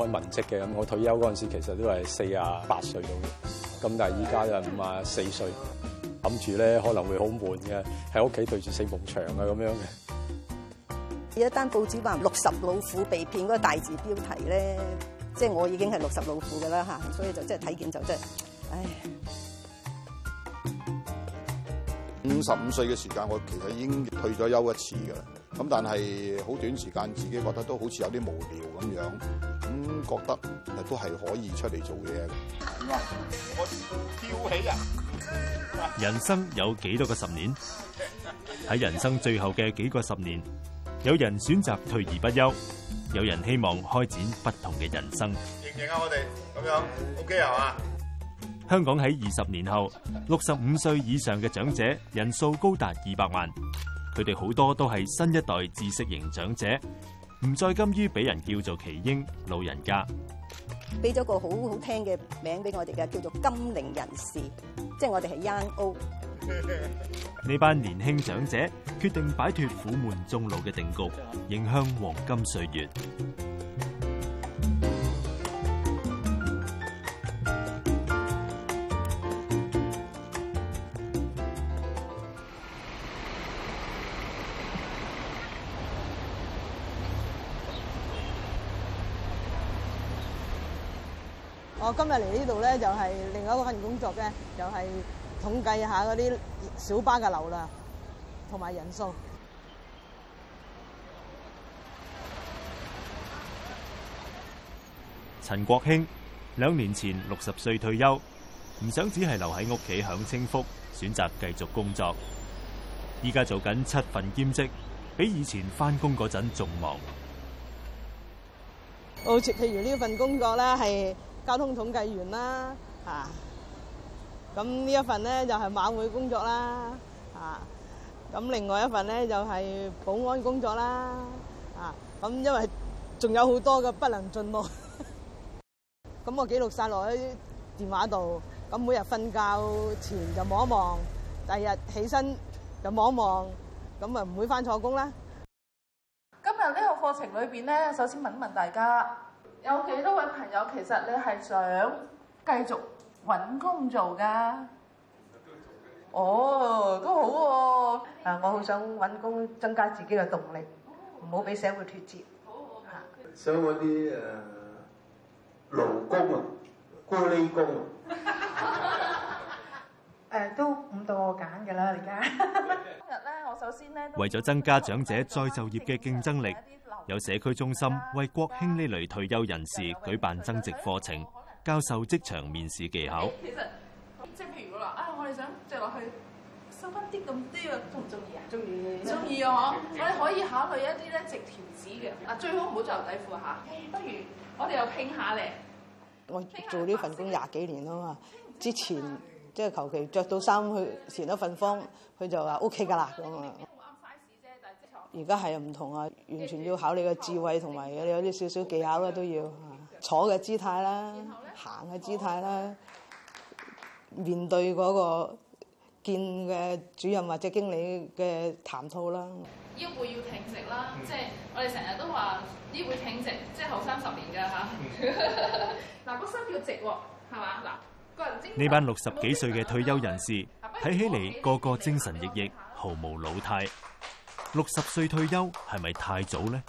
開文職嘅。咁，我退休嗰陣時其實都係四啊八歲到嘅，咁但係依家就五啊四歲，諗住咧可能會好悶嘅，喺屋企對住四埲牆啊咁樣嘅。有一單報紙話六十老虎被騙，嗰個大字標題咧，即係我已經係六十老虎噶啦吓，所以就即係睇見就即係，唉。五十五歲嘅時間，我其實已經退咗休一次噶啦。咁但係好短時間，自己覺得都好似有啲無聊咁樣，咁覺得都係可以出嚟做嘢。人生有幾多個十年？喺人生最後嘅幾個十年，有人選擇退而不休，有人希望開展不同嘅人生。認認啊！我哋咁樣 OK 啊嘛？香港喺二十年後，六十五歲以上嘅長者人數高達二百萬。佢哋好多都係新一代知識型長者，唔再甘於俾人叫做耆英、老人家，俾咗個好好聽嘅名俾我哋嘅，叫做金齡人士，即係我哋係 young old 呢班年輕 長者決定擺脫苦悶終老嘅定局，迎向黃金歲月。今日嚟呢度呢，就係另外一份工作嘅，就係統計下嗰啲小巴嘅流量同埋人數。陳國興兩年前六十歲退休，唔想只係留喺屋企享清福，選擇繼續工作。依家做緊七份兼職，比以前返工嗰陣仲忙。好似譬如呢份工作咧，係。交通統計員啦，啊，咁呢一份咧就係晚會工作啦，啊，咁另外一份咧就係保安工作啦，啊，咁因為仲有好多嘅不能盡忘，咁我記錄晒落喺電話度，咁每日瞓覺前就望一望，第二日起身就望一望，咁啊唔會返錯工啦。今日呢個課程裏邊咧，首先問一問大家，有幾多位朋友其實你係想繼續揾工做㗎？哦，都好喎！啊，我好想揾工增加自己嘅動力，唔好俾社會脱節。嚇，想嗰啲誒勞工啊，工呢工啊。誒，都唔到我揀㗎啦，而家今日咧，我首先咧。為咗增加長者再就業嘅競爭力。有社區中心為國興呢類退休人士舉辦增值課程，教授職場面試技巧。其實即譬如嗱，啊我哋想著落去收翻啲咁啲嘅，中唔中意啊？中意，中意啊！我我哋可以考慮一啲咧直條子嘅，嗱最好唔好着底褲嚇。不如我哋又拼下嚟，我做呢份工廿幾年啦嘛，之前即係求其着到衫去填咗份 form 佢就話 OK 㗎啦咁而家係唔同啊！完全要考你嘅智慧同埋，有啲少少技巧啦，都要坐嘅姿態啦，行嘅姿態啦，哦、面對嗰個見嘅主任或者經理嘅談吐啦，腰背要挺直啦，即係我哋成日都話腰背挺直，即係後三十年嘅嚇。嗱，個身要直喎，係嘛？嗱，呢班六十幾歲嘅退休人士，睇有起嚟有個個精神奕奕，看看毫無老態。 六十歲退休係咪太早呢？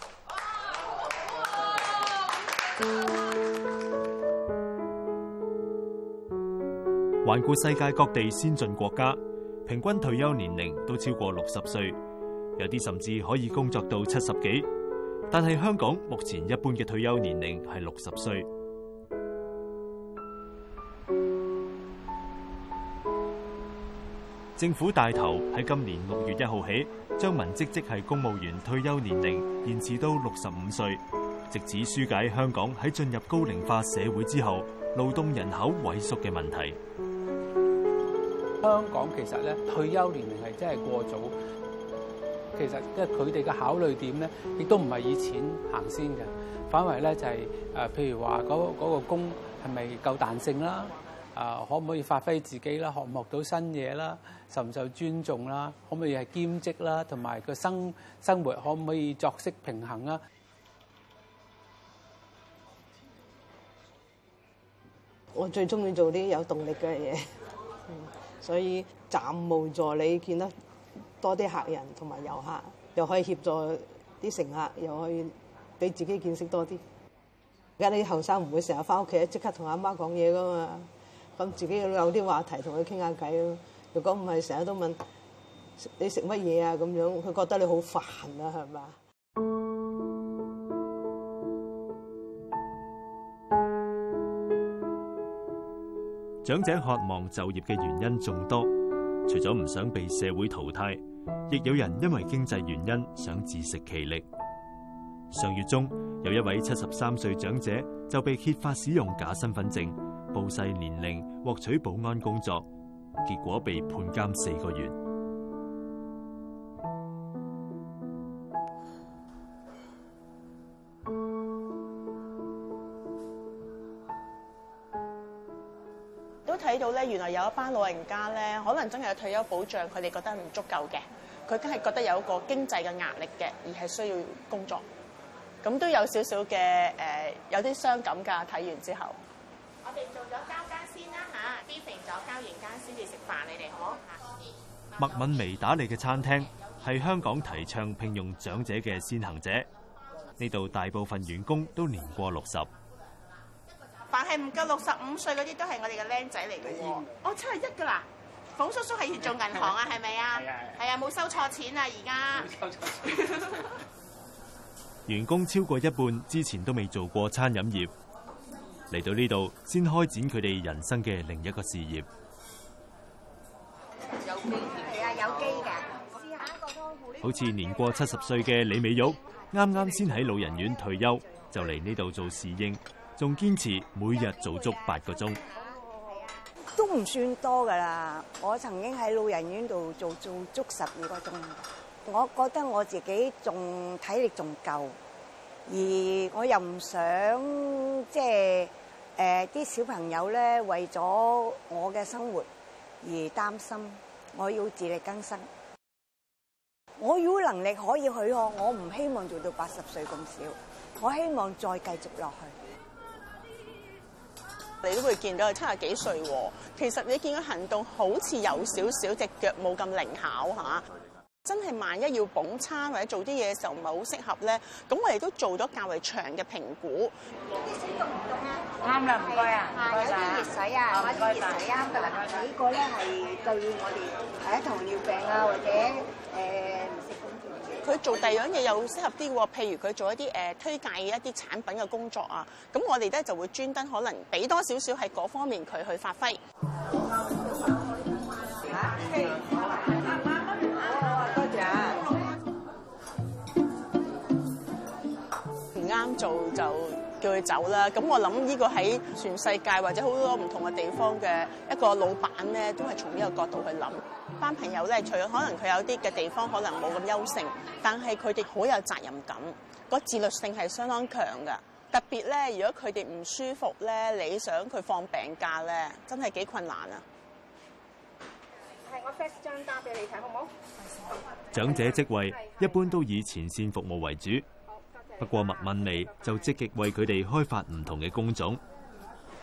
環顧世界各地先進國家，平均退休年齡都超過六十歲，有啲甚至可以工作到七十幾。但係香港目前一般嘅退休年齡係六十歲。政府帶頭喺今年六月一號起，將文職職系公務員退休年齡延遲到六十五歲，直至紓解香港喺進入高齡化社會之後，勞動人口萎縮嘅問題。香港其實咧，退休年齡係真係過早。其實，因為佢哋嘅考慮點咧，亦都唔係以錢行先嘅，就係，反為咧就係誒，譬如話嗰、嗰個、嗰個工係咪夠彈性啦？啊！可唔可以發揮自己啦？學唔學到新嘢啦？受唔受尊重啦？可唔可以係兼職啦？同埋個生生活可唔可以作息平衡啊？我最中意做啲有動力嘅嘢， 所以站務助理見得多啲客人同埋遊客，又可以協助啲乘客，又可以俾自己見識多啲。而家你後生唔會成日返屋企即刻同阿媽講嘢㗎嘛～咁自己要有啲話題同佢傾下偈咯。如果唔係成日都問你食乜嘢啊咁樣，佢覺得你好煩啊，係嘛？長者渴望就業嘅原因眾多，除咗唔想被社會淘汰，亦有人因為經濟原因想自食其力。上月中有一位七十三歲長者就被揭發使用假身份證。報細年齡，獲取保安工作，結果被判監四個月。都睇到咧，原來有一班老人家咧，可能真係有退休保障，佢哋覺得唔足夠嘅，佢梗係覺得有一個經濟嘅壓力嘅，而係需要工作。咁都有少少嘅誒，有啲傷感噶，睇完之後。我哋做咗交間先啦吓，啲平咗交完間先至食飯。你哋好，吓。麥敏眉打理嘅餐廳係香港提倡聘用長者嘅先行者，呢度大部分員工都年過六十。凡係唔夠六十五歲嗰啲都係我哋嘅僆仔嚟嘅喎。嗯、哦，七十一噶啦，馮叔叔係做銀行啊，係咪啊？係啊係啊，冇收錯錢啊，而家。冇收錯錢 員工超過一半之前都未做過餐飲業。嚟到呢度先開展佢哋人生嘅另一個事業。有機嘅係啊，有機嘅，試下一個鐘。好似年過七十歲嘅李美玉，啱啱先喺老人院退休，就嚟呢度做侍應，仲堅持每日做足八個鐘。都唔算多㗎啦，我曾經喺老人院度做做足十二個鐘，我覺得我自己仲體力仲夠，而我又唔想即係。誒啲小朋友咧，為咗我嘅生活而擔心，我要自力更生。我有能力可以去，我唔希望做到八十歲咁少，我希望再繼續落去。你都會見到佢七十幾歲喎，其實你見到行動好似有少少隻腳冇咁靈巧嚇。真係萬一要捧餐或者做啲嘢嘅時候唔係好適合咧，咁我哋都做咗較為長嘅評估。啱啦，唔該啊，係啊，有啲熱水啊，有啲熱水啊。嗱，幾個咧係對我哋，或者糖尿病啊，或者誒唔食咁多。佢做第二樣嘢又適合啲喎，譬如佢做一啲誒推介嘅一啲產品嘅工作啊。咁我哋咧就會專登可能俾多少少喺嗰方面佢去發揮。叫佢走啦，咁我諗呢個喺全世界或者好多唔同嘅地方嘅一個老闆咧，都係從呢個角度去諗。班朋友咧，除咗可能佢有啲嘅地方可能冇咁優勝，但係佢哋好有責任感，個自律性係相當強噶。特別咧，如果佢哋唔舒服咧，你想佢放病假咧，真係幾困難啊！係，我發張單俾你睇好唔好？是好。長者職位一般都以前線服務為主。不過麥敏妮，就積極為佢哋開發唔同嘅工種。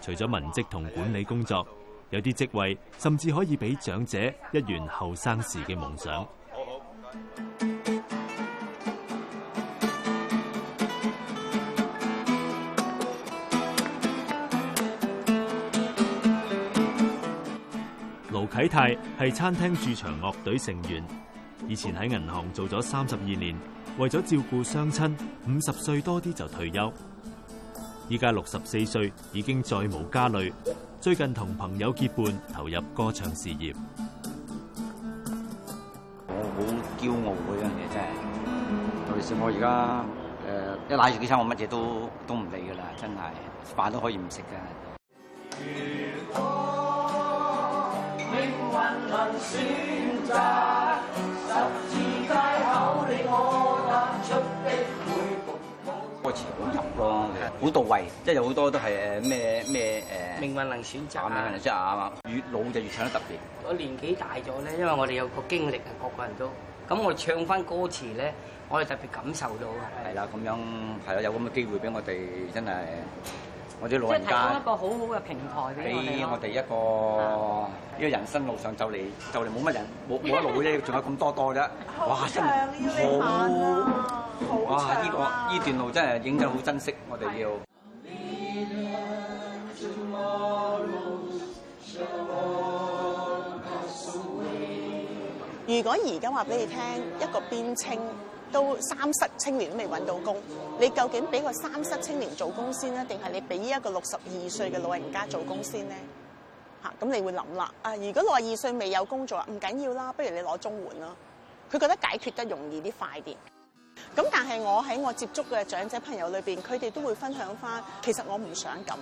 除咗文職同管理工作，有啲職位甚至可以俾長者一圓後生時嘅夢想。盧啟泰係餐廳駐場樂隊成員，以前喺銀行做咗三十二年。為咗照顧雙親，五十歲多啲就退休。依家六十四歲，已經再無家累。最近同朋友結伴投入歌唱事業。我好驕傲嗰樣嘢，真係。尤其是我而家，誒、呃，一瀨住幾餐我，我乜嘢都都唔理噶啦，真係。飯都可以唔食㗎。歌詞好入咯，好到位，即係有好多都係誒咩咩誒，命運能選擇即係啊，越老就越唱得特別。我年紀大咗咧，因為我哋有個經歷啊，個個人都咁我唱翻歌詞咧，我哋特別感受到係啦，咁樣係啦，有咁嘅機會俾我哋真係。或者老人家一個好好嘅平台，俾我哋一個呢個人生路上就嚟就嚟冇乜人冇冇一路嘅啫，仲有咁多多啫，哇！真係好哇！呢個呢段路真係應該好珍惜，我哋要。如果而家話俾你聽，一個邊稱？都三失青年都未揾到工，你究竟俾個三失青年做工先咧，定係你俾一個六十二歲嘅老人家做工先咧？嚇，咁你會諗啦。啊，如果六十二歲未有工作，唔緊要啦，不如你攞綜援咯。佢覺得解決得容易啲、快啲。咁但係我喺我接觸嘅長者朋友裏邊，佢哋都會分享翻。其實我唔想咁，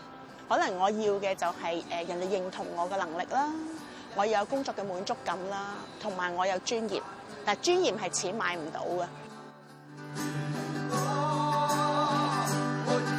可能我要嘅就係誒人哋認同我嘅能力啦，我要有工作嘅滿足感啦，同埋我有專業。但係專業係錢買唔到嘅。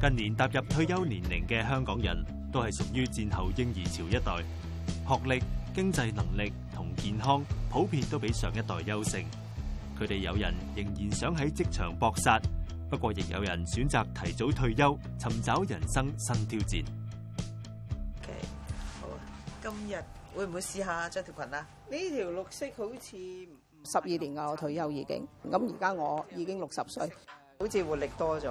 近年踏入退休年齡嘅香港人，都係屬於戰後嬰兒潮一代，學歷、經濟能力同健康普遍都比上一代優勝。佢哋有人仍然想喺職場搏殺，不過亦有人選擇提早退休，尋找人生新挑戰。OK，好啊，今日會唔會試下着條裙啊？呢條綠色好似十二年啊，我退休已經，咁而家我已經六十歲，好似活力多咗。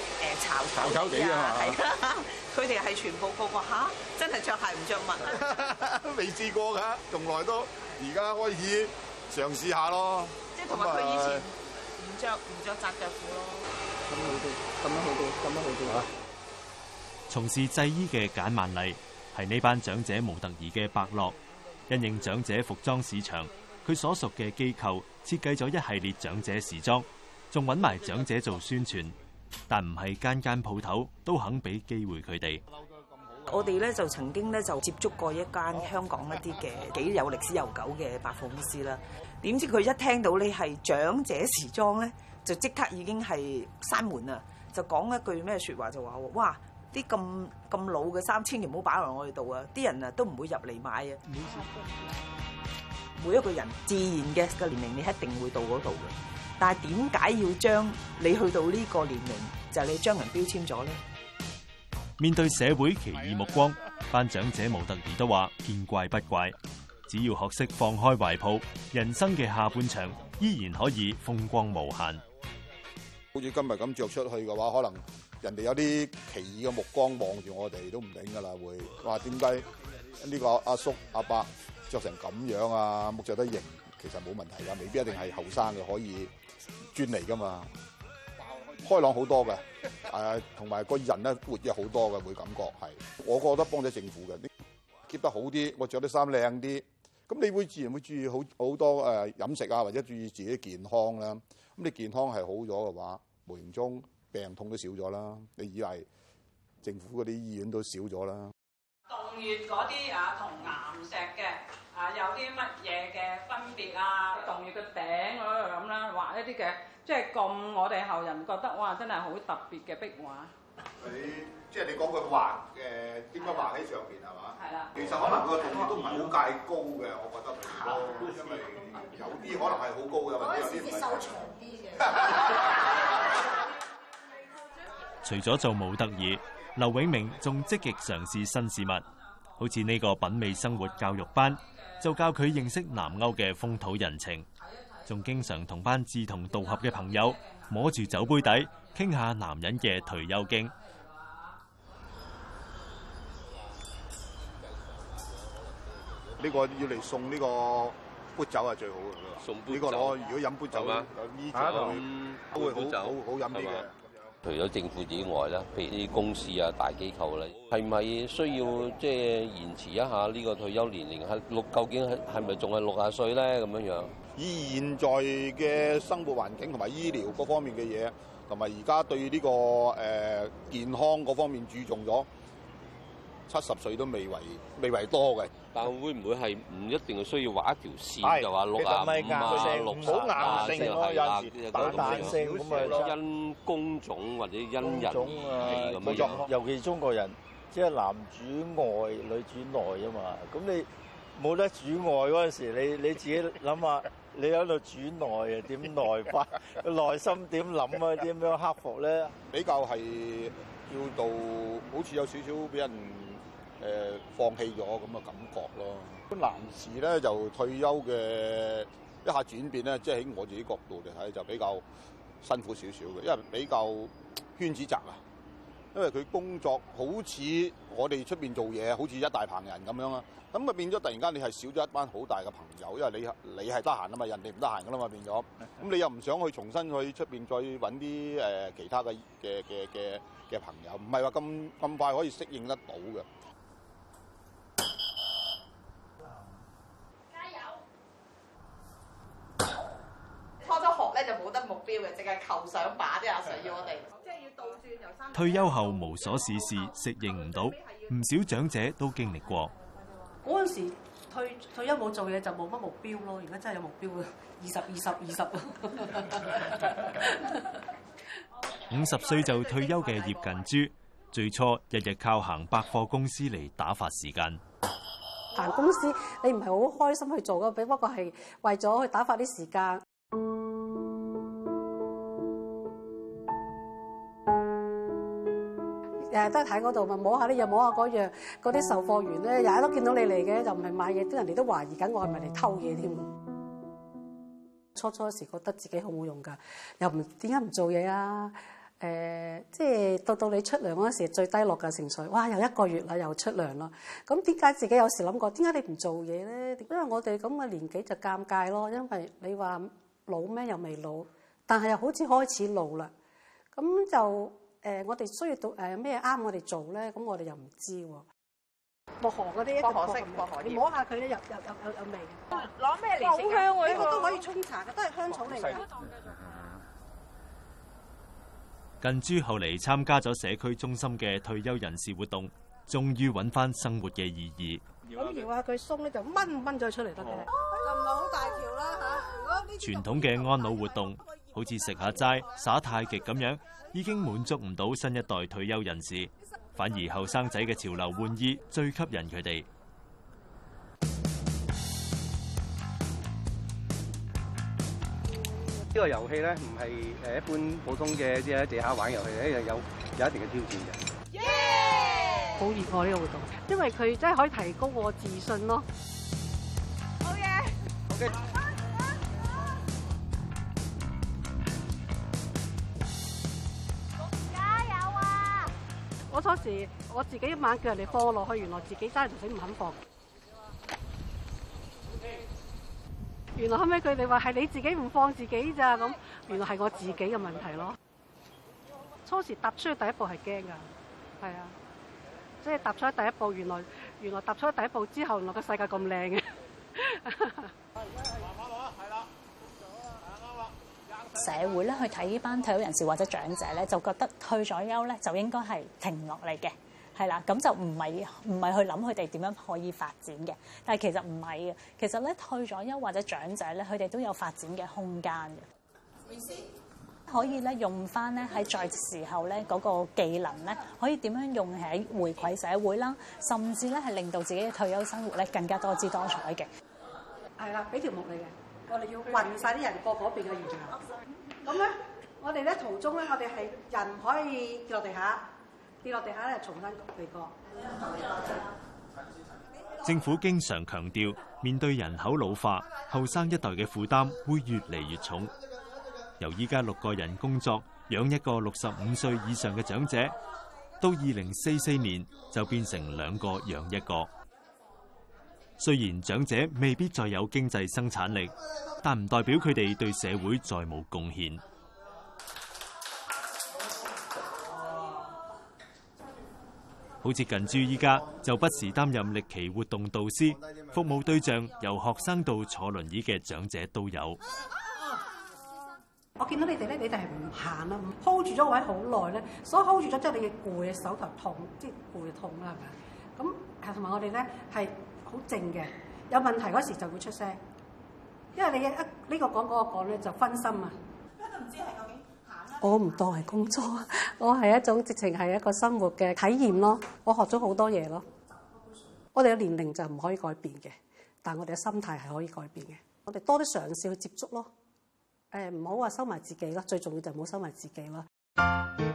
誒，醜醜哋啊！係佢哋係全部個個嚇，啊、真係着鞋唔着襪，啊，未試過㗎，從來都而家開始嘗試下咯。即係同埋佢以前唔着，唔着窄腳褲咯。咁好啲，咁樣好啲，咁樣好啲。咁好咁好啊。從事製衣嘅簡萬麗係呢班長者模特兒嘅伯樂，因應長者服裝市場，佢所屬嘅機構設計咗一系列長者時裝，仲揾埋長者做宣傳。但唔係間間鋪頭都肯俾機會佢哋。我哋咧就曾經咧就接觸過一間香港一啲嘅幾有歷史悠久嘅百貨公司啦。點知佢一聽到你係長者時裝咧，就即刻已經係閂門啦。就講一句咩説話就話喎，哇！啲咁咁老嘅衫千祈唔好擺落我哋度啊！啲人啊都唔會入嚟買啊。每一個人自然嘅嘅年齡，你一定會到嗰度嘅。但係點解要將你去到呢個年齡就係你將人標籤咗咧？面對社會奇異目光，班長者無特別都話見怪不怪，只要學識放開懷抱，人生嘅下半場依然可以風光無限。好似今日咁着出去嘅話，可能人哋有啲奇異嘅目光望住我哋都唔定噶啦，會話點解呢個阿叔阿伯着成咁樣啊？木着得型，其實冇問題噶，未必一定係後生嘅可以。轉嚟噶嘛，開朗好多嘅，誒、啊，同埋個人呢活躍好多嘅，會感覺係，我覺得幫咗政府嘅，keep 得好啲，我着啲衫靚啲，咁你會自然會注意好好多誒飲食啊，或者注意自己健康啦、啊，咁你健康係好咗嘅話，無形中病痛都少咗啦，你以為政府嗰啲醫院都少咗啦。洞穴啲同岩石嘅。啊！有啲乜嘢嘅分別啊？棟月嘅頂嗰度咁啦，畫一啲嘅，即係咁我哋後人覺得哇，真係好特別嘅壁畫。佢即係你講佢畫嘅點解畫喺上邊係嘛？係啦。其實可能佢個棟月都唔係好界高嘅，我覺得佢。嚇！因為有啲可能係好高嘅。嗰時啲手長啲嘅。除咗做冇得意，劉永明仲積極嘗試新事物，好似呢個品味生活教育班。就教佢認識南歐嘅風土人情，仲經常同班志同道合嘅朋友摸住酒杯底傾下男人嘅退休經。呢個要嚟送呢個杯酒係最好嘅，送杯酒，呢個我如果飲杯酒，咁呢酒都會好酒好飲啲嘅。除咗政府之外啦，譬如啲公司啊、大機構咧，係咪需要即係延遲一下呢個退休年齡？係六，究竟係係咪仲係六啊歲咧？咁樣樣，以現在嘅生活環境同埋醫療各方面嘅嘢，同埋而家對呢個誒健康各方面注重咗。七十歲都未為未為多嘅，但會唔會係唔一定係需要畫一條線就話六啊五啊六啊五啊硬性啊，彈性咁啊，因工種或者因人而異咁啊樣。尤其中國人，即係男主外女主內啊嘛。咁你冇得主外嗰陣時，你你自己諗下，你喺度主內啊，點內法？內心點諗啊？點樣克服咧？比較係要到好似有少少俾人，誒放棄咗咁嘅感覺咯。咁男士咧就退休嘅一下轉變咧，即係喺我自己角度嚟睇就比較辛苦少少嘅，因為比較圈子窄啊。因為佢工作好似我哋出邊做嘢，好似一大棚人咁樣啊。咁啊變咗，突然間你係少咗一班好大嘅朋友，因為你你係得閒啊嘛，人哋唔得閒噶啦嘛變咗。咁你又唔想去重新去出邊再揾啲誒其他嘅嘅嘅嘅朋友，唔係話咁咁快可以適應得到嘅。淨係求上把啫，阿 Sir 要我哋。退休後無所事事，適後應唔到，唔少長者都經歷過。嗰陣、嗯、時退退休冇做嘢就冇乜目標咯，而家真係有目標啊！二十、二十、二十。五十歲就退休嘅葉近珠，最、最初日日靠行百貨公司嚟打發時間。行公司你唔係好開心去做㗎，只不過係為咗去打發啲時間。嗯日日都喺嗰度咪摸下呢樣又摸下嗰樣，嗰啲售貨員咧日日都見到你嚟嘅，就唔係買嘢，啲人哋都懷疑緊我係咪嚟偷嘢添。初初時覺得自己好冇用㗎，又唔點解唔做嘢啊？誒、呃，即係到到你出糧嗰時，最低落嘅情緒。哇！又一個月啦，又出糧啦。咁點解自己有時諗過？點解你唔做嘢咧？因為我哋咁嘅年紀就尷尬咯，因為你話老咩又未老，但係又好似開始老啦。咁就。誒、呃，我哋需要到誒咩啱我哋做咧？咁我哋又唔知喎、啊。薄荷嗰啲，薄荷你摸下佢咧，有有有有味。攞咩嚟香，啊？呢個都可以沖茶嘅，都係香草嚟嘅。是近朱後嚟參加咗社區中心嘅退休人士活動，終於揾翻生活嘅意義。咁如下佢鬆咧，就掹掹咗出嚟得嘅。就唔好會會大條啦嚇。傳統嘅安老活動。嗯好似食下齋、耍太極咁樣，已經滿足唔到新一代退休人士，反而後生仔嘅潮流玩意最吸引佢哋。呢個遊戲咧，唔係誒一般普通嘅啲喺地下玩遊戲一樣，有有一定嘅挑戰嘅。好熱愛呢個活動，因為佢真係可以提高我自信咯。好嘢、oh、yeah！OK。初時我自己一晚叫人哋放我落去，原來自己生人就死唔肯放，原他們說是不放。原來後尾佢哋話係你自己唔放自己咋咁，原來係我自己嘅問題咯。初時踏出的第一步係驚噶，係啊，即係踏出第一步，原來原來踏出第一步之後，原來個世界咁靚嘅。社會咧去睇呢班退休人士或者長者咧，就覺得退咗休咧就應該係停落嚟嘅，係啦，咁就唔係唔係去諗佢哋點樣可以發展嘅。但係其實唔係嘅，其實咧退咗休或者長者咧，佢哋都有發展嘅空間嘅。可以咧用翻咧喺在時候咧嗰個技能咧，可以點樣用喺回饋社會啦，甚至咧係令到自己嘅退休生活咧更加多姿多彩嘅。係啦，俾條目嚟嘅。我哋要運曬啲人過嗰邊嘅現場。咁咧，我哋咧途中咧，我哋係人可以跌落地下，跌落地下咧，重新嚟過。政府經常強調，面對人口老化，後生一代嘅負擔會越嚟越重。由依家六個人工作養一個六十五歲以上嘅長者，到二零四四年就變成兩個養一個。雖然長者未必再有經濟生產力，但唔代表佢哋對社會再冇貢獻。好似近住依家，就不時擔任歷奇活動導師服務對象，由學生到坐輪椅嘅長者都有。我見到你哋咧，你哋係唔行啦，唔 hold 住咗位好耐咧，所以 hold 住咗即係你嘅攰啊，手頭痛即係攰痛啦，係咪？咁同埋我哋咧係。好靜嘅，有問題嗰時就會出聲，因為你一呢個講嗰個講咧就分心啊！都唔知係究竟，我唔當係工作，我係一種直情係一個生活嘅體驗咯，我學咗好多嘢咯。我哋嘅年齡就唔可以改變嘅，但係我哋嘅心態係可以改變嘅。我哋多啲嘗試去接觸咯，誒唔好話收埋自己啦，最重要就唔好收埋自己咯。